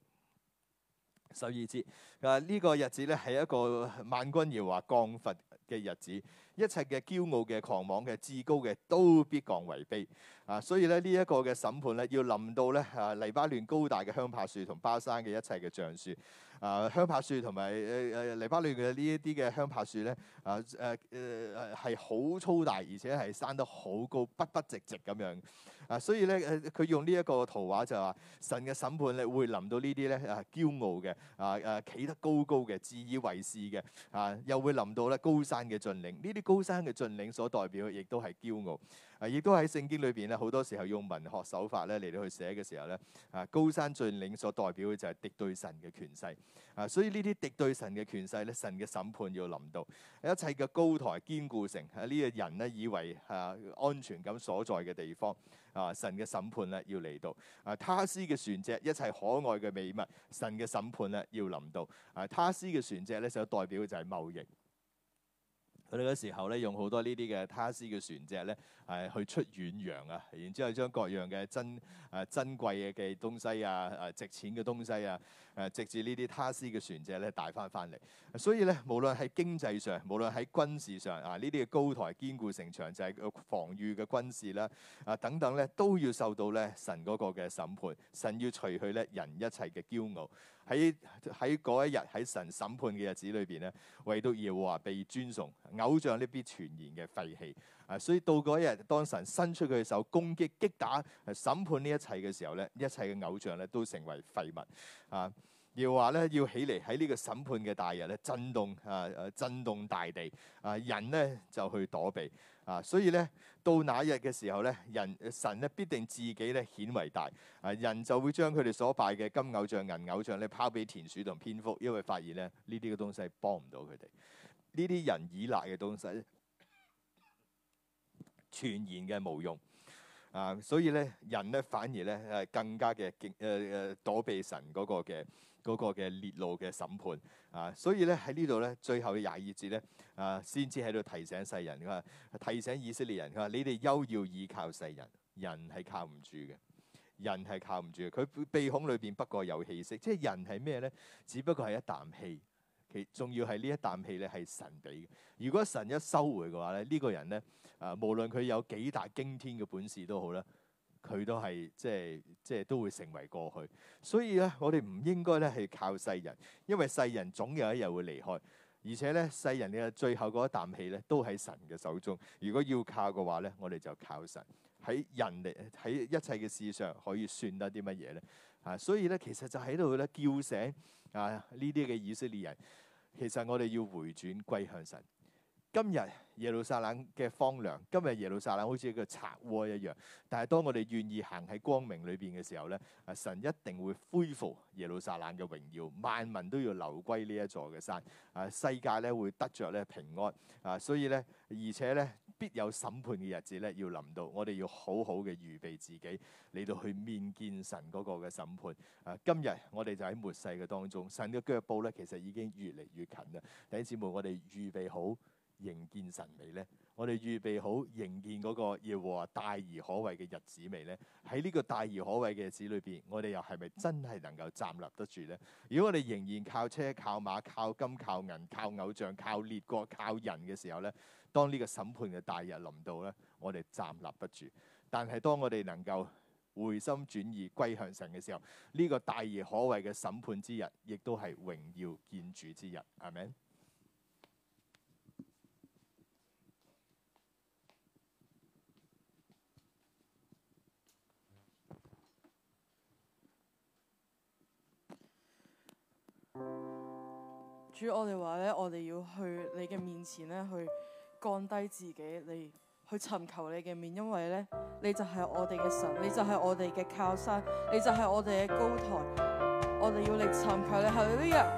十二節啊！呢個日子咧係一個萬軍耶和華降罰嘅日子，一切嘅驕傲嘅、狂妄嘅、至高嘅都必降為卑啊！所以咧，呢一個嘅審判咧要臨到咧啊黎巴嫩高大嘅香柏樹同巴山嘅一切嘅橡樹。啊，香柏樹同埋誒誒黎巴嫩嘅呢一啲嘅香柏樹咧，啊誒誒係好粗大，而且係生得好高，筆筆直直咁樣。啊，所以咧誒，佢用呢一個圖畫就話，神嘅審判咧會臨到呢啲咧啊，驕傲嘅，啊誒企得高高嘅，自以為是嘅，啊又會臨到咧高山嘅峻嶺，呢啲高山嘅峻嶺所代表亦都係驕傲。啊！亦都喺聖經裏邊咧，好多時候用文學手法咧嚟到去寫嘅時候咧，啊高山峻嶺所代表嘅就係敵對神嘅權勢啊！所以呢啲敵對神嘅權勢咧，神嘅審判要臨到。一切嘅高台堅固城啊，呢、這個人咧以為啊安全感所在嘅地方啊，神嘅審判咧要嚟到啊。他施嘅船隻，一切可愛嘅美物，神嘅審判咧要臨到啊。他施嘅船隻咧所代表嘅就係貿易。佢哋嗰時候咧，用好多呢啲嘅他施嘅船隻咧，係、啊、去出遠洋啊，然之後將各樣嘅珍啊珍貴嘅嘅東西啊，啊值錢嘅東西啊，誒、啊、直至呢啲他施嘅船隻咧帶翻翻嚟。所以咧，無論喺經濟上，無論喺軍事上啊，呢啲嘅高台堅固城牆就係、是、防禦嘅軍事啦啊等等咧，都要受到咧神嗰個嘅審判。神要除去咧人一切嘅驕傲。喺喺嗰一日喺神審判嘅日子裏邊咧，為到耶和華被尊崇，偶像呢啲傳言嘅廢棄啊，所以到嗰一日，當神伸出佢嘅手攻擊、擊打、審判呢一切嘅時候咧，一切嘅偶像咧都成為廢物啊！耶和華咧要起嚟喺呢個審判嘅大日咧震動啊啊震動大地啊，人咧就去躲避。啊，所以咧，到那日嘅時候咧，人神咧必定自己咧顯為大，啊，人就會將佢哋所拜嘅金偶像、銀偶像咧拋俾田鼠同蝙蝠，因為發現咧呢啲嘅東西幫唔到佢哋，呢啲人依賴嘅東西，全然嘅無用，啊，所以咧，人咧反而咧係更加嘅驚，誒、啊、誒躲避神嗰個嘅嗰個嘅烈怒嘅審判啊，所以咧喺呢度咧最後嘅廿二節咧啊，先至喺度提醒世人佢話，提醒以色列人佢話：你哋休要倚靠世人，人係靠唔住嘅，人係靠唔住嘅。佢鼻孔裏邊不過有氣息，即係人係咩咧？只不過係一啖氣，其仲要係呢一啖氣咧係神俾嘅。如果神一收回嘅話咧，呢個人咧啊，無論佢有幾大驚天嘅本事都好啦。佢都係即係即係都會成為過去，所以咧我哋唔應該咧係靠世人，因為世人總有一日會離開，而且咧世人嘅最後嗰一啖氣咧都喺神嘅手中。如果要靠嘅話咧，我哋就靠神。喺人力喺一切嘅事上可以算得啲乜嘢咧？啊，所以咧其實就喺度咧叫醒啊呢啲嘅以色列人。其實我哋要回轉歸向神。今日。耶路撒冷嘅荒涼，今日耶路撒冷好似一個賊窩一樣。但係當我哋願意行喺光明裏邊嘅時候咧，啊神一定會恢復耶路撒冷嘅榮耀，萬民都要流歸呢一座嘅山。啊世界咧會得着咧平安。啊所以咧，而且咧必有審判嘅日子咧要臨到，我哋要好好嘅預備自己嚟，到去面見神嗰個嘅審判。啊今日我哋就喺末世嘅當中，神嘅腳步咧其實已經越嚟越近啦。弟兄姊妹，我哋預備好，迎接神未咧？我哋預備好迎接嗰個耶和大而可畏嘅日子未咧？喺呢個大而可畏嘅日子裏邊，我哋又係咪真係能夠站立得住咧？如果我哋仍然靠車、靠馬、靠金、靠銀、靠偶像、靠列國、靠人嘅時候咧，當呢個審判嘅大日臨到咧，我哋站立不住。但係當我哋能夠回心轉意歸向神嘅時候，呢個大而可畏嘅審判之日，亦都係榮耀建主之日。阿門。主，我哋話咧，我哋要去你嘅面前咧，去降低自己，你去尋求你嘅面，因為咧，你就係我哋嘅神，你就係我哋嘅靠山，你就係我哋嘅高台，我哋要嚟尋求你係呢樣。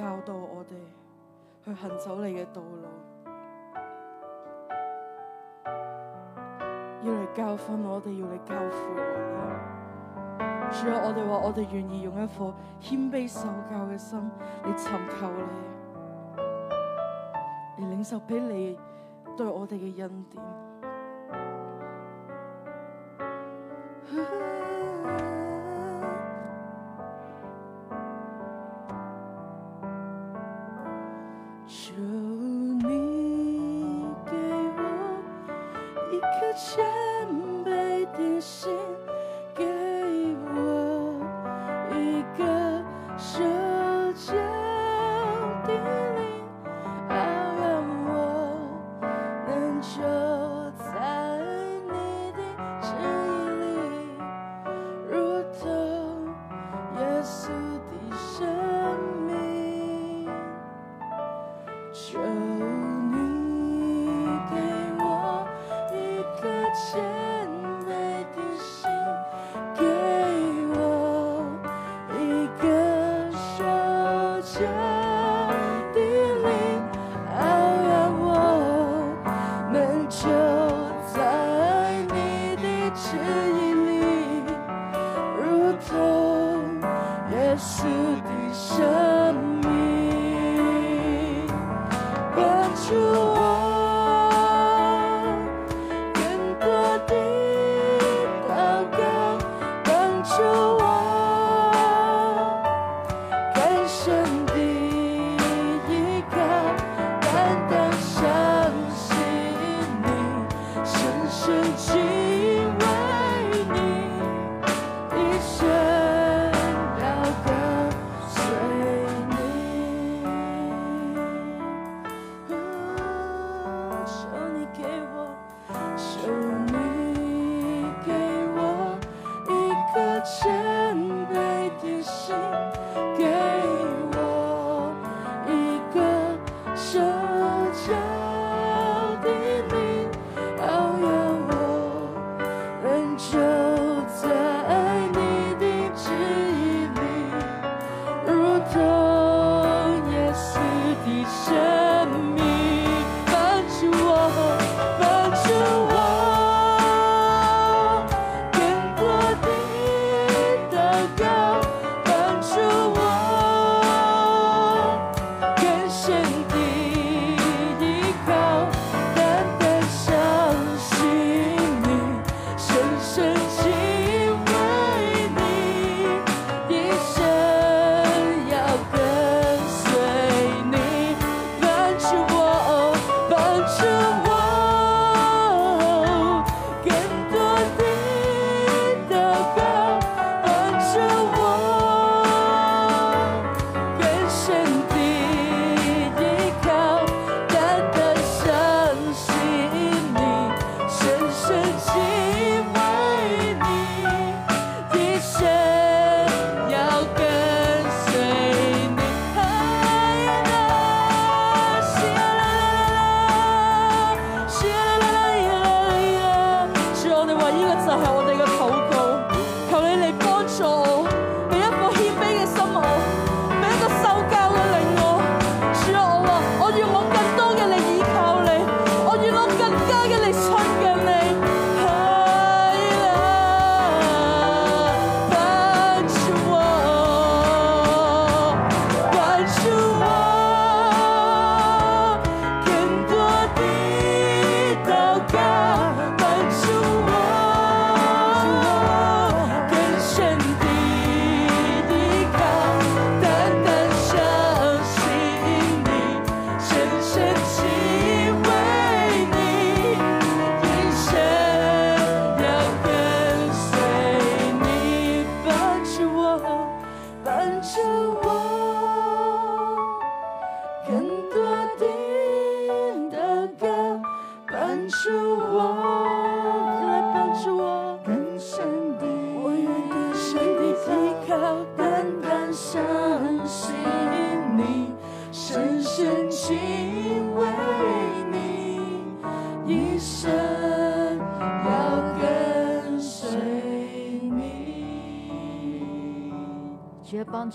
教導我哋去行走你嘅道路，要嚟教訓我哋，要嚟教誨我哋。只要我哋話，我哋願意用一顆謙卑受教嘅心嚟尋求你，嚟領受俾你對我哋嘅恩典。 <laughs> 求你給我一顆謙卑的心。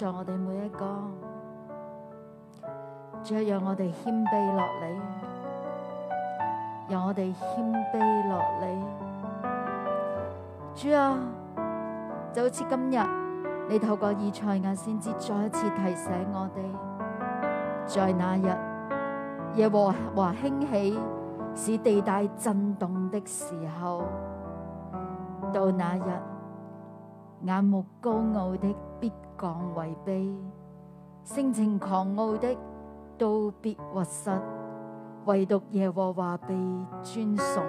在我哋每一個，主啊，讓我哋謙卑落嚟，讓我哋謙卑落嚟。主啊，就好似今日，你透過以賽亞先知再一次提醒我哋，在那日，耶和華興起，使地帶震動的時候，到那日，眼目高傲的。降為卑，性情狂傲的都必屈膝，唯獨耶和華被尊崇。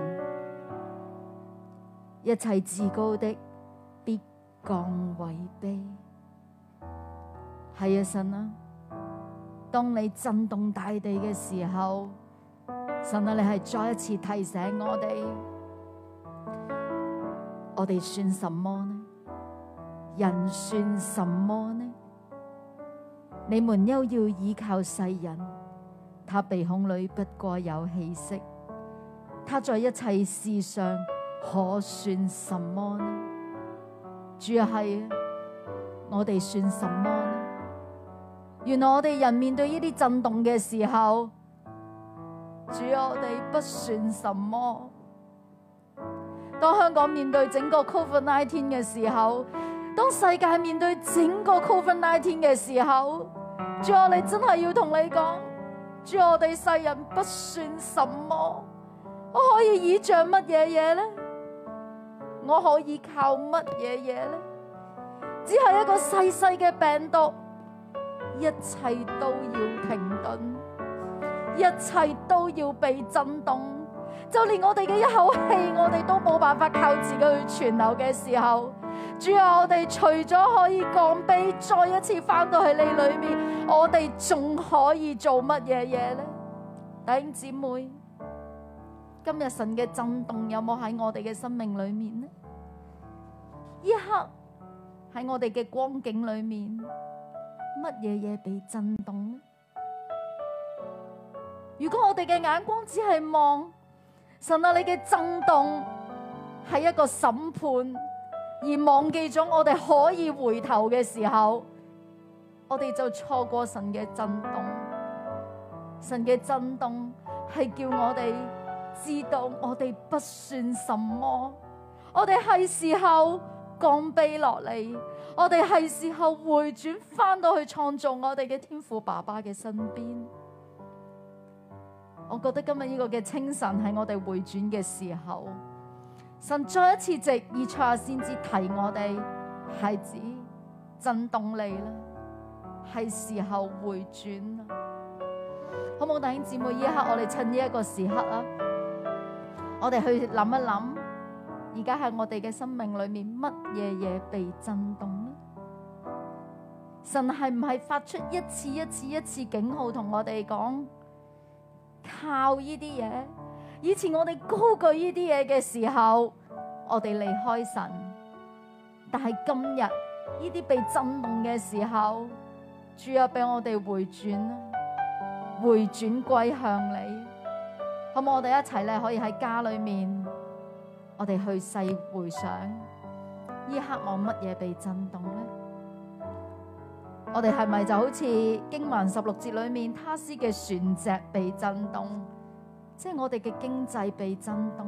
一切至高的必降為卑。係啊，神啊，當你震動大地嘅時候，神啊，你係再一次提醒我哋，我哋算什麼呢？人算什麼呢？你們又要依靠世人？他鼻孔裏不過有氣息，他在一切事上可算什麼呢？主要、啊、係、啊、我哋算什麼呢？原來我哋人面對呢啲震動嘅時候，主要我哋不算什麼。當香港面對整個 COVID-19 嘅時候，當世界面對整個 COVID-19 嘅時候，主啊，你真係要同你講，主啊，我哋世人不算什麼，我可以倚仗乜嘢嘢咧？我可以靠乜嘢嘢咧？只係一個細細嘅病毒，一切都要停頓，一切都要被震動，就連我哋嘅一口氣，我哋都冇辦法靠自己去存留嘅時候。主要我哋除咗可以降卑，再一次翻到去你裏面，我哋仲可以做乜嘢嘢咧？弟兄姊妹，今日神嘅震動有冇喺我哋嘅生命裏面呢？一刻喺我哋嘅光景裏面，乜嘢嘢被震動？如果我哋嘅眼光只係望神啊，你嘅震動係一個審判。而忘記咗我哋可以回頭嘅時候，我哋就錯過神嘅震動。神嘅震動係叫我哋知道我哋不算什麼，我哋係時候降卑落嚟，我哋係時候回轉翻到去創造我哋嘅天父爸爸嘅身邊。我覺得今日呢個嘅清晨喺我哋回轉嘅時候。神再一次直而坐下先至提我哋，孩子，震動你啦，係時候回轉啦，好冇弟兄姊妹？呢一刻我哋趁呢一個時刻啊，我哋去諗一諗，而家喺我哋嘅生命裏面乜嘢嘢被震動呢？神係唔係發出一次一次一次警號同我哋講，靠呢啲嘢？以前我哋高舉呢啲嘢嘅時候，我哋離開神，但係今日呢啲被震動嘅時候，主啊，俾我哋回轉啦，回轉歸向你，好唔好？我哋一齊咧可以喺家裏面，我哋去細回想，呢刻我乜嘢被震動咧？我哋係咪就好似經文十六節裏面他施嘅船隻被震動？即係我哋嘅經濟被震動，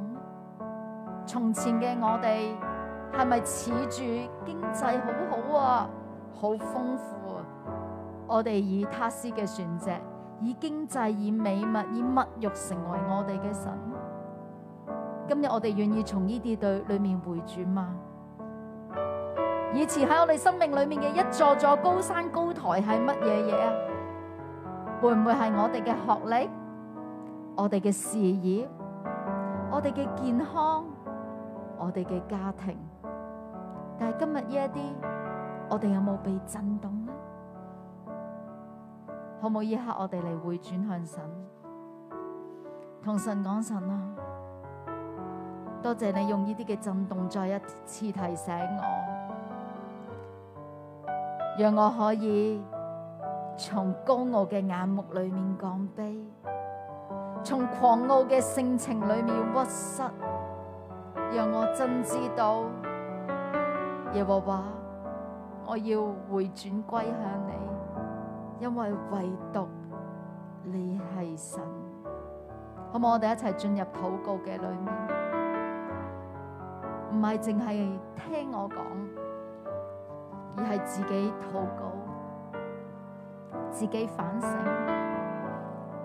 從前嘅我哋係咪恃住經濟好好啊，好豐富啊？我哋以他施嘅船隻，以經濟，以美物，以物欲成為我哋嘅神？今日我哋願意從呢啲對裏面回轉嗎？以前喺我哋生命裏面嘅一座座高山高台係乜嘢嘢啊？會唔會係我哋嘅學歷？我哋嘅事業，我哋嘅健康，我哋嘅家庭，但係今日呢一啲，我哋有冇被震動呢？可唔可以一刻我哋嚟回轉向神，同神講，神啊，多謝你用呢啲嘅震動，再一次提醒我，讓我可以從高傲嘅眼目裏面降卑。從狂傲嘅性情裏面屈膝，讓我真知道耶和華，我要回轉歸向你，因為唯獨你係神，好唔好？我哋一齊進入禱告嘅裏面，唔係淨係聽我講，而係自己禱告，自己反省。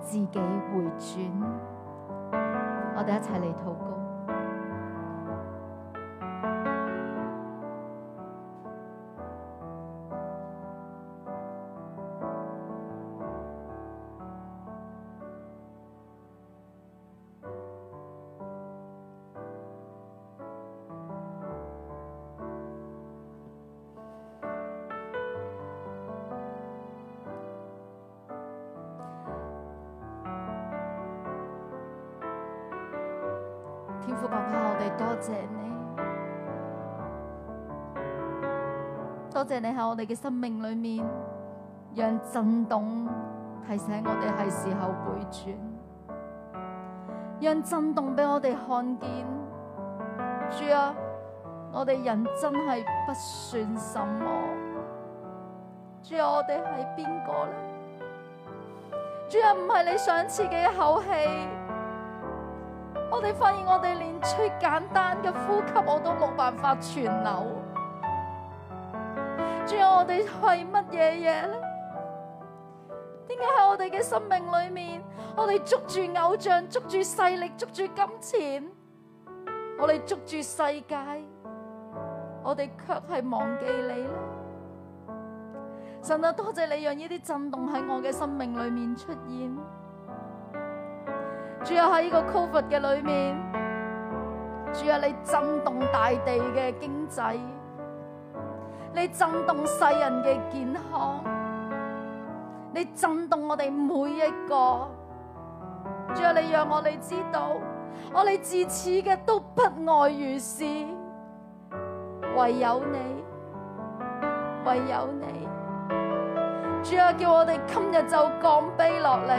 自己回轉，我哋一齊嚟禱告。謝謝你喺我哋嘅生命裏面，讓震動提醒我哋係時候回轉，讓震動俾我哋看見。主啊，我哋人真係不算什麼。主啊，我哋係邊個咧？主啊，唔係你想賜嘅一口氣，我哋發現我哋連最簡單嘅呼吸我都冇辦法存留。仲有我哋係乜嘢嘢咧？點解喺我哋嘅生命裏面，我哋捉住偶像，捉住勢力，捉住金錢，我哋捉住世界，我哋卻係忘記你咧？神啊，多謝你讓呢啲震動喺我嘅生命裏面出現。主啊，喺呢個 Covid 嘅裏面，主啊，你震動大地嘅經濟。你震動世人嘅健康，你震動我哋每一個。主啊，你讓我哋知道，我哋自此嘅都不外如是，唯有你，唯有你。主啊，叫我哋今日就降卑落嚟，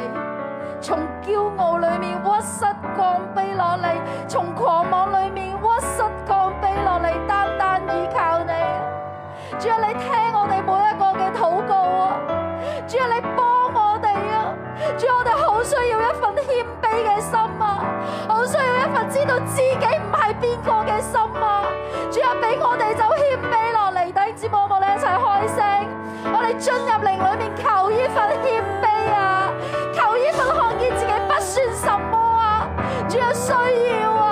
從驕傲裏面屈膝降卑落嚟，從狂妄裏面屈膝降卑落嚟，單單倚靠。主啊，你聽我哋每一個嘅禱告啊！主啊，你幫我哋啊！主啊，我哋好需要一份謙卑嘅心啊！好需要一份知道自己唔係邊個嘅心啊！主啊，俾我哋就謙卑落嚟，頂住，望我哋一齊開聲，我哋進入靈裏面求呢份謙卑啊！求呢份看見自己不算什麼啊！主啊，需要啊。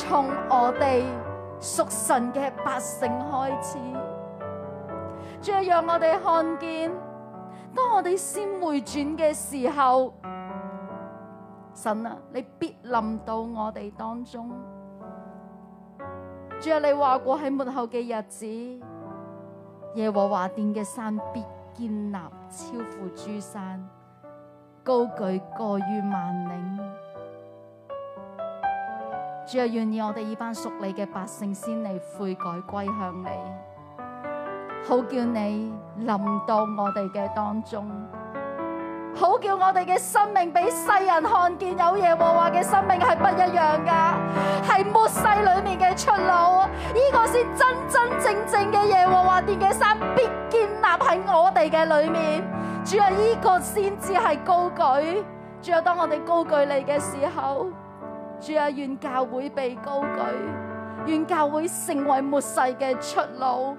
從我哋屬神嘅百姓開始，主啊，讓我哋看見，當我哋先回轉嘅時候，神啊，你必臨到我哋當中。主啊，你話過喺末後嘅日子，耶和華殿嘅山必建立超乎諸山，高舉過於萬嶺。主啊，願意我哋呢班屬你嘅百姓先嚟悔改歸向你，好叫你臨到我哋嘅當中，好叫我哋嘅生命俾世人看見有耶和華嘅生命係不一樣噶，係末世裏面嘅出路，呢個先真真正正嘅耶和華殿嘅山必建立喺我哋嘅裏面。主啊，呢個先至係高舉。主啊，當我哋高舉你嘅時候。主啊，願教會被高舉，願教會成為末世嘅出路。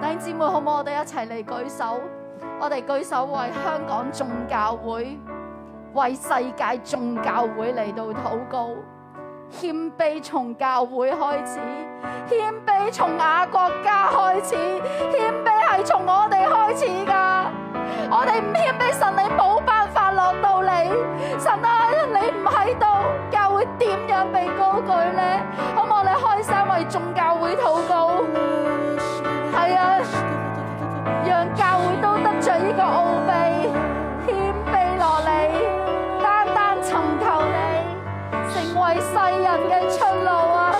弟兄姊妹，好唔好？我哋一齊嚟舉手，我哋舉手為香港眾教會，為世界眾教會嚟到禱告。謙卑從教會開始，謙卑從亞國家開始，謙卑係從我哋開始噶。我哋唔謙卑，神你冇辦法落到你。神啊，你唔喺度救，你點樣被高舉呢？好望你開心為眾教會禱告，係 <music> 啊，讓教會都得着呢個奧秘，謙卑落嚟，單單尋求你，成為世人嘅出路啊！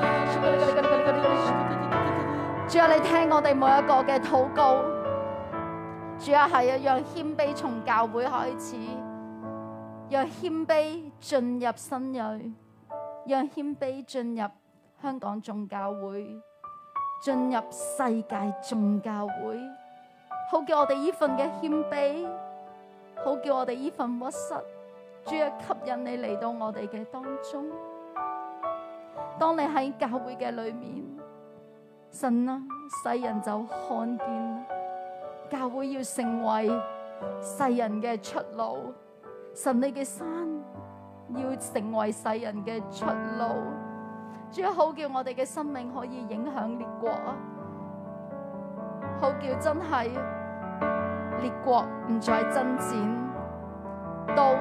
<music> 主啊，你聽我哋每一個嘅禱告。主啊，係啊，讓謙卑從教會開始，讓謙卑進入心裏，讓謙卑進入香港眾教會，進入世界眾教會。好叫我哋呢份嘅謙卑，好叫我哋呢份屈膝。主啊，吸引你嚟到我哋嘅當中。當你喺教會嘅裏面。神啦、啊，世人就看見，啦。教會要成為世人嘅出路，神你嘅山要成為世人嘅出路，最好叫我哋嘅生命可以影響列國，好叫真係列國唔再爭戰，刀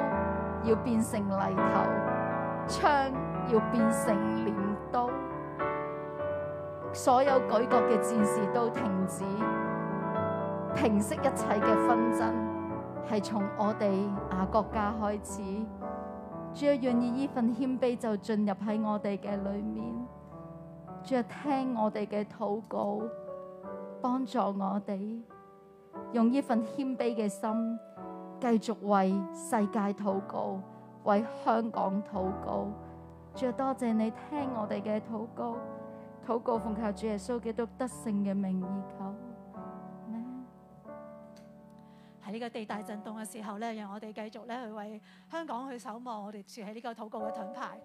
要變成犁頭，槍要變成鐮刀。所有舉國嘅戰士都停止，平息一切嘅紛爭，係從我哋啊國家開始。主啊，願意呢份謙卑就進入喺我哋嘅裏面。主啊，聽我哋嘅禱告，幫助我哋用呢份謙卑嘅心，繼續為世界禱告，為香港禱告。主啊，多謝你聽我哋嘅禱告。禱告，土奉靠主耶穌基督得勝嘅名義求，求喺呢個地大震動嘅時候咧，讓我哋繼續咧去為香港去守望，我哋住喺呢個禱告嘅盾牌。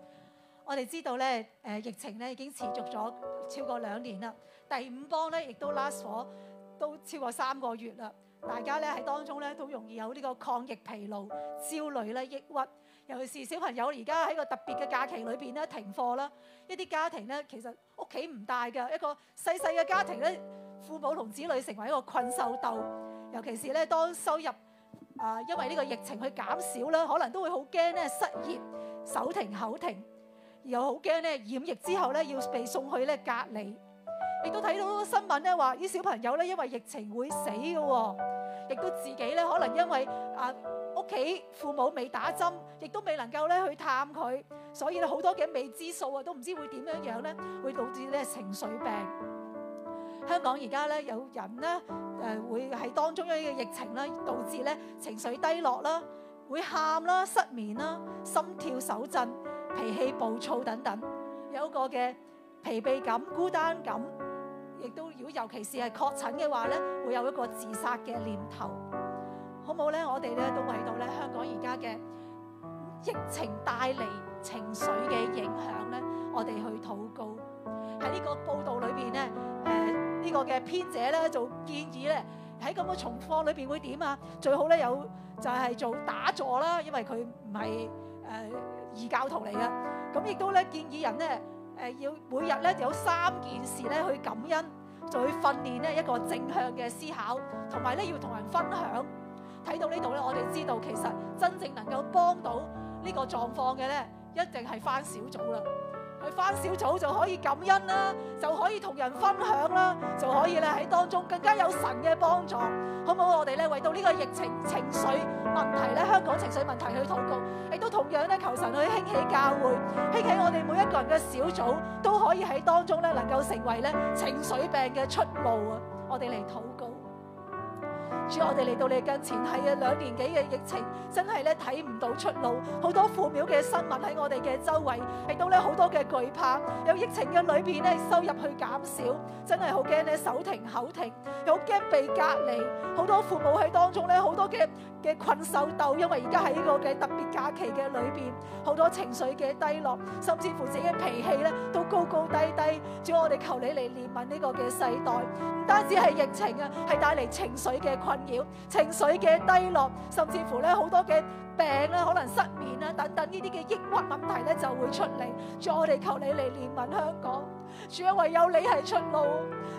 我哋知道咧，誒，疫情咧已經持續咗超過兩年啦，第五波咧亦都 last 咗都超過三個月啦。大家咧喺當中咧都容易有呢個抗疫疲勞、焦慮咧、抑鬱。尤其是小朋友而家喺個特別嘅假期裏邊咧停課啦，一啲家庭咧其實屋企唔大嘅一個細細嘅家庭咧，父母同子女成為一個困獸鬥。尤其是咧當收入啊、呃、因為呢個疫情去減少啦，可能都會好驚咧失業，手停口停，又好驚咧染疫之後咧要被送去咧隔離。亦都睇到新聞咧話啲小朋友咧因為疫情會死嘅喎，亦都自己咧可能因為啊。呃佢父母未打針，亦都未能夠咧去探佢，所以咧好多嘅未知數啊，都唔知會點樣樣咧，會導致咧情緒病。香港而家咧有人咧誒、呃、會喺當中呢個疫情咧導致咧情緒低落啦，會喊啦、失眠啦、心跳手震、脾氣暴躁等等，有一個嘅疲憊感、孤單感，亦都如果尤其是係確診嘅話咧，會有一個自殺嘅念頭。好冇咧？我哋咧都為到咧香港而家嘅疫情帶嚟情緒嘅影響咧，我哋去禱告喺呢個報道裏邊咧，誒、呃、呢、這個嘅編者咧就建議咧喺咁嘅情況裏邊會點啊？最好咧有就係做打坐啦，因為佢唔係誒異教徒嚟嘅。咁亦都咧建議人咧誒、呃、要每日咧有三件事咧去感恩，就去訓練呢一個正向嘅思考，同埋咧要同人分享。睇到呢度咧，我哋知道其實真正能夠幫到呢個狀況嘅咧，一定係返小組啦。去返小組就可以感恩啦，就可以同人分享啦，就可以咧喺當中更加有神嘅幫助，好唔好？我哋咧為到呢個疫情情緒問題咧，香港情緒問題去禱告，亦都同樣咧求神去興起教會，興起我哋每一個人嘅小組都可以喺當中咧能夠成為咧情緒病嘅出路啊！我哋嚟禱告。主，我哋嚟到你近前，係兩年幾嘅疫情，真係咧睇唔到出路，好多負面嘅新聞喺我哋嘅周圍，令到咧好多嘅懼怕。有疫情嘅裏邊咧，收入去減少，真係好驚咧手停口停，又好驚被隔離，好多父母喺當中咧，好多嘅嘅困獸鬥，因為而家喺呢個嘅特別假期嘅裏邊，好多情緒嘅低落，甚至乎自己嘅脾氣咧都高高低低。主，我哋求你嚟憐憫呢個嘅世代，唔單止係疫情啊，係帶嚟情緒嘅困。情緒嘅低落，甚至乎咧好多嘅病咧，可能失眠啦等等呢啲嘅抑鬱問題咧就會出嚟，再我哋求你嚟憐憫香港。主啊，唯有你係出路。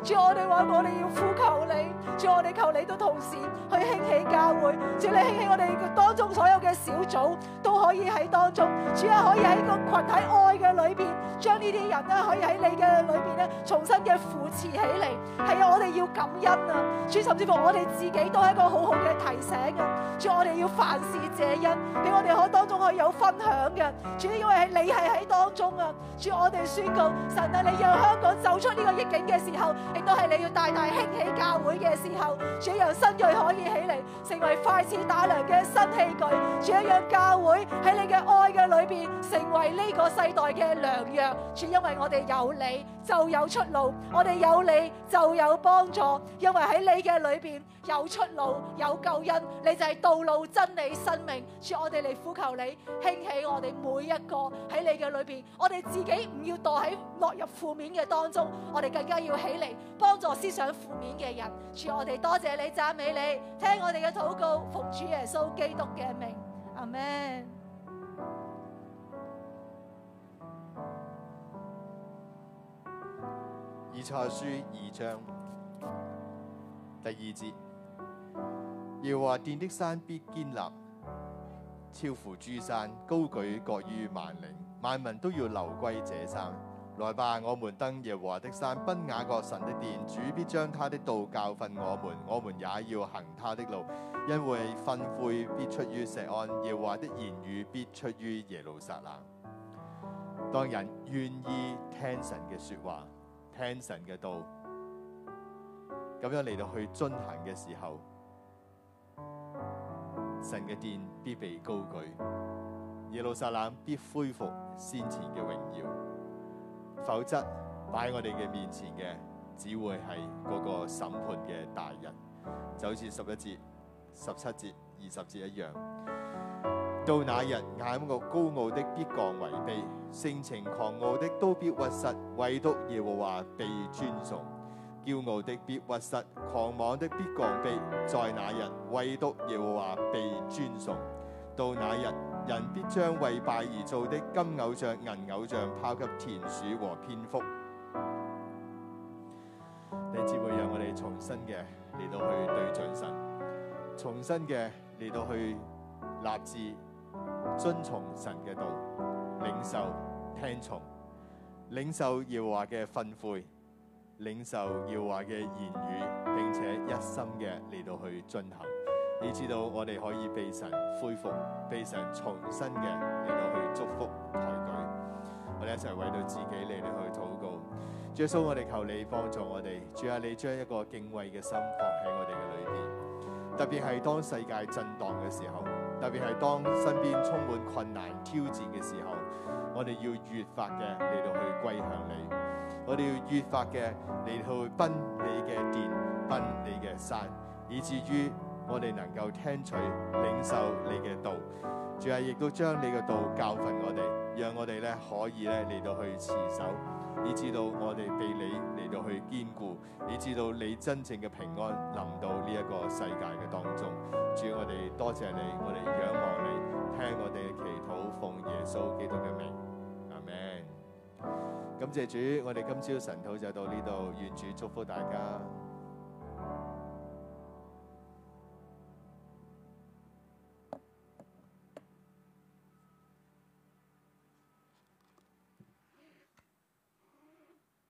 主，我哋話我哋要呼求你，主，我哋求你都同時去興起教會，主，你興起我哋當中所有嘅小組都可以喺當中，主啊，可以喺個群體愛嘅裏邊，將呢啲人咧可以喺你嘅裏邊咧重新嘅扶持起嚟。係啊，我哋要感恩啊，主，甚至乎我哋自己都係一個好好嘅提醒啊。主，我哋要凡事謝恩，俾我哋可當中可以有分享嘅。主，因為係你係喺當中啊。主，我哋宣告，神啊，你。讓香港走出呢個逆境嘅時候，亦都係你要大大興起教會嘅時候，這樣新銳可以起嚟，成為快似打量嘅新器具，這樣教會喺你嘅愛嘅裏邊，成為呢個世代嘅良藥，主，因為我哋有你。就有出路，我哋有你就有幫助，因為喺你嘅裏面有出路、有救恩，你就係道路、真理、生命。主我哋嚟呼求你，興起我哋每一個喺你嘅裏面。我哋自己唔要墮喺落入負面嘅當中，我哋更加要起嚟幫助思想負面嘅人。主我哋多謝，謝你，讚美你，聽我哋嘅禱告，奉主耶穌基督嘅名。阿門。《以賽亞書》二章第二節：耶和華殿的山必堅立，超乎諸山，高舉過於萬嶺。萬民都要流歸這山。來吧，我們登耶和華的山，奔雅各神的殿。主必將他的道教訓我們，我們也要行他的路，因為訓誨必出於錫安，耶和華的言語必出於耶路撒冷。當人願意聽神嘅說話，聽神嘅道，咁樣嚟到去遵行嘅時候，神嘅殿必被高舉，耶路撒冷必恢復先前嘅榮耀。否則擺喺我哋嘅面前嘅，只會係嗰個審判嘅大日，就好似十一節、十七節、二十節一樣。到那日，眼目高傲的必降為卑，性情狂傲的都必屈膝，唯獨耶和華被尊崇。驕傲的必屈膝，狂妄的必降卑，在那日，唯獨耶和華被尊崇。到那日，人必將為拜而造的金偶像、銀偶像拋給田鼠和蝙蝠。第一次會讓我哋重新嘅嚟到去對準神，重新嘅嚟到去立志。遵從神嘅道，領受聽從，領受耶和華嘅吩咐，領受耶和華嘅言語，並且一心嘅嚟到去進行。你知道我哋可以被神恢復，被神重新嘅嚟到去祝福抬舉。我哋一齊為到自己嚟到去禱告。耶穌，我哋求你幫助我哋，主啊，你將一個敬畏嘅心放喺我哋嘅裏邊，特別係當世界震盪嘅時候。特別係當身邊充滿困難挑戰嘅時候，我哋要越發嘅嚟到去歸向你，我哋要越發嘅嚟到去奔你嘅殿，奔你嘅山，以至於我哋能夠聽取領受你嘅道。仲係，亦都將你嘅道教訓我哋，讓我哋咧可以咧嚟到去持守。你知道我哋被你嚟到去堅固，你知道你真正嘅平安臨到呢一個世界嘅當中。主，我哋多謝你，我哋仰望你，聽我哋嘅祈禱，奉耶穌基督嘅名，阿門。感謝主，我哋今朝晨禱就到呢度，願主祝福大家。